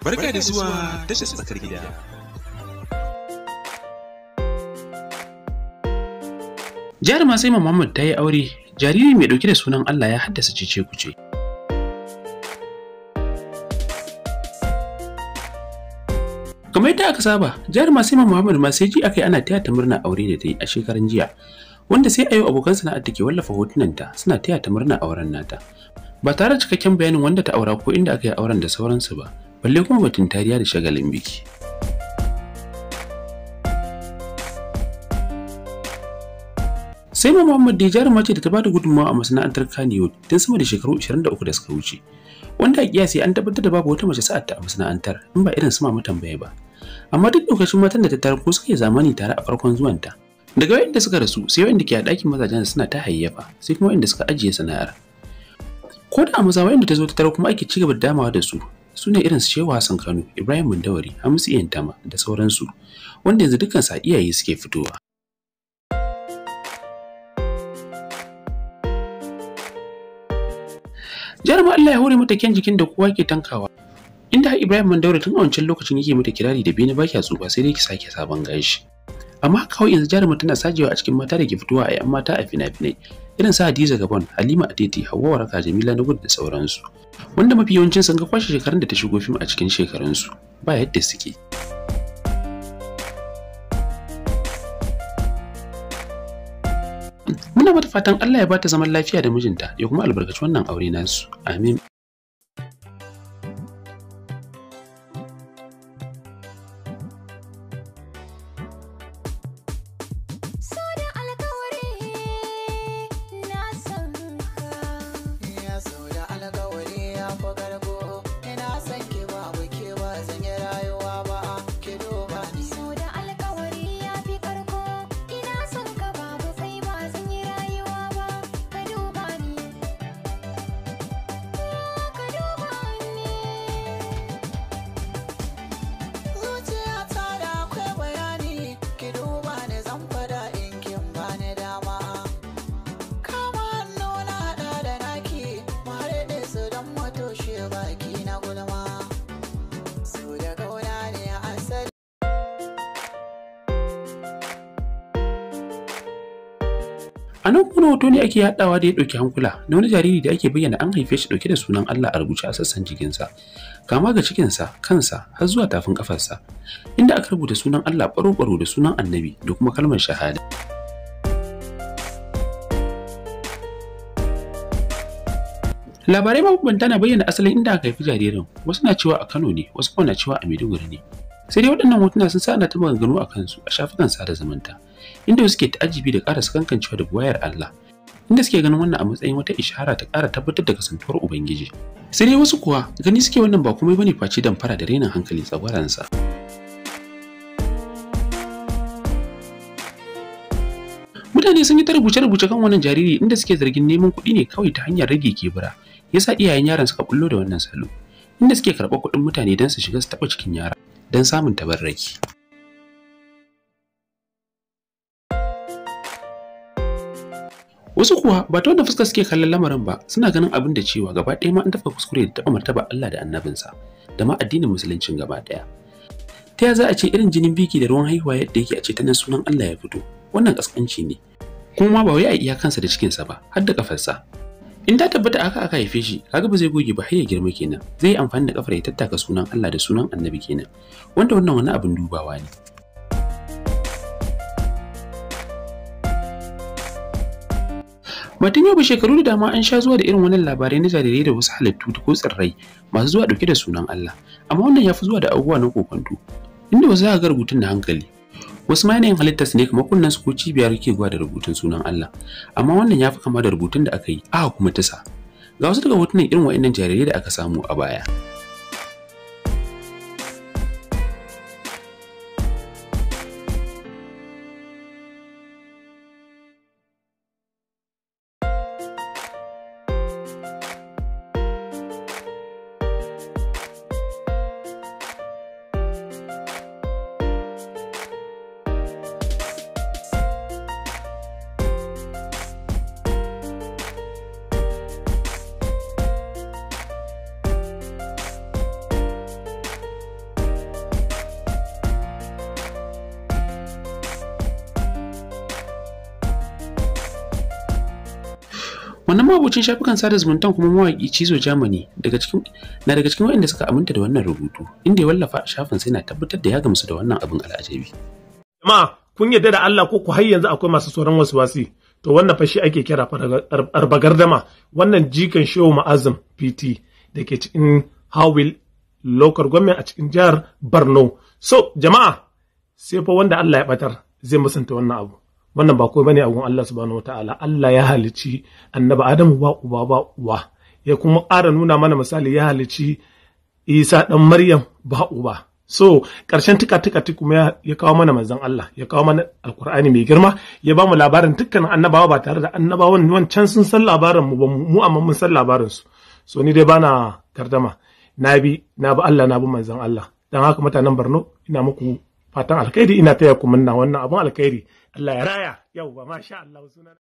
Barka da zuwa tashar tsakar gida. Jihar sai Muhammad ta yi aure, jariri mai ɗauke da sunan Allah ya haddasa cece kuce. Kamar yadda aka saba, jihar sai Muhammad ma sai ji aka yi ana taya ta murna aure da ta yi a shekaran jiya, wanda sai a yau abokan sana'ar da ke wallafa hotunanta suna taya ta murna auren nata. Ba tare da cikakken bayanin wanda ta aura ko inda aka yi auren da sauransu ba, balle kuma batun tariya da shagalin biki sai ma Muhammad da jaruma ce da ta bada gudunmawa a masana'antar Kannywood tun sama da shekaru 23 da suka wuce wanda a kiyasi an tabbatar da babu wata mace ta a masana'antar in ba irin su Mama Tambaye ba amma duk lokacin matan da ta ko suka yi zamani tare a farkon zuwanta daga wayanda suka rasu sai wayanda ke a ɗakin mazajen suna ta hayyafa sai kuma wayanda suka ajiye sana'ar ko da a maza wayanda ta zo ta taro kuma ake cigaba da damawa da su su ne irin Shewa Hassan Kano, Ibrahim Mandawari, Hamisu yantama da sauransu, wanda yanzu dukkan sa iyaye suke fitowa. Jarumar Allah ya hore mata kyan jikin da kowa ke tankawa. Inda har Ibrahim Mandawari tun a wancan lokacin yake mata kirari da bini baki a tsufa sai dai ki sake sabon gashi. Amma kawai yanzu jarumar tana sajewa a cikin mata da ke fitowa a 'yan mata a fina-finai irin su Hadiza Gabon, Halima Adeti, hauwa Waraka, Jamila Nugud da sauransu. Wanda mafi yawancin sun ga kwashe shekarun da ta shigo fim a cikin shekarunsu ba yadda suke. Muna mata fatan Allah ya bata zaman lafiya da mijinta ya kuma albarkaci wannan aure nasu. Amin. A nan kuma hoto ne ake yaɗawa da ya ɗauki hankula na wani jariri da ake bayyana an haife shi ɗauke da sunan Allah a rubuce a sassan jikinsa, kama ga cikinsa, kansa, har zuwa tafin ƙafarsa, inda aka rubuta sunan Allah baro-baro da sunan annabi da kuma kalmar shahada. Labarai mabambanta na bayyana asalin inda aka haifi jaririn, wasu na cewa a Kano ne, wasu kuma na cewa a Maiduguri ne. sai dai waɗannan hotuna sun sa ana ta maganganu a kansu a shafukan sada zumunta inda suke ta'ajibi da ƙara sakankancewa da wayar Allah inda suke ganin wannan a matsayin wata ishara ta ƙara tabbatar da kasantuwar Ubangiji sai dai wasu kuwa gani suke wannan ba komai bane face fara da renin hankali tsagwaransa. mutane sun yi ta rubuce-rubuce kan wannan jariri inda suke zargin neman kuɗi ne kawai ta hanyar rage kebura yasa iyayen yaran suka kullo da wannan salo inda suke karɓar kuɗin mutane don su shiga su taɓa cikin yara don samun tabarraki. Wasu kuwa ba ta wanda fuska suke kallon lamarin ba suna ganin abin da cewa gaba ɗaya ma an tafka kuskure da taɓa martaba Allah da annabinsa da ma addinin musuluncin gaba ɗaya. Ta ya za a ce irin jinin biki da ruwan haihuwa yadda yake a ce ta nan sunan Allah ya fito wannan ƙasƙanci ne kuma ba wai a iya kansa da cikinsa ba har da ƙafarsa. in ta tabbata aka aka haife shi kaga ba zai goge ba har ya girma kenan zai amfani da kafar ya tattaka sunan Allah da sunan Annabi kenan wanda wannan wani abin dubawa ne Matan yau ba shekaru da dama an sha zuwa da irin wannan labarai na jarirai da wasu halittu ko tsirrai masu zuwa dauke da sunan Allah amma wannan ya fi zuwa da abubuwa na kokonto inda wasu za ga rubutun da hankali wasu ma yanayin halittarsu ne kamar kunnen su ko cibiyar ke gwada rubutun sunan Allah amma wannan ya fi kama da rubutun da aka yi aka kuma tisa ga wasu daga hotunan irin waɗannan jarirai da aka samu a baya wannan mabucin shafukan sada zumuntan kuma mawaki cizo germany daga cikin na daga cikin waɗanda suka aminta da wannan rubutu inda ya wallafa shafin sai na tabbatar da ya gamsu da wannan abin al'ajabi jama'a kun yarda da Allah ko ku har yanzu akwai masu tsoron wasi to wannan fa ake kira arbagardama wannan jikan shehu ma'azim pt da ke cikin hawil lokar gwamnati a cikin jihar borno so jama'a sai fa wanda Allah ya batar zai musanta wannan abu wannan ba kawai bane a gun Allah subhanahu wataala Allah ya halici annabi Adamu ba uba ba uwa ya kuma ƙara nuna mana misali ya halici Isa dan Maryam ba uba so ƙarshen tuka tuka kuma ya kawo mana manzon Allah ya kawo mana alkur'ani mai girma ya ba mu labarin dukkan annabawa ba tare da annabawan wancan sun san labarin mu ba mu amma mun san labarin su so ni dai bana gardama na bi na bi Allah na bi manzon Allah dan haka mutanen barno ina muku fatan alkhairi ina taya ku munna wannan abin alkhairi Allah ya raya yau ba masha Allah sunan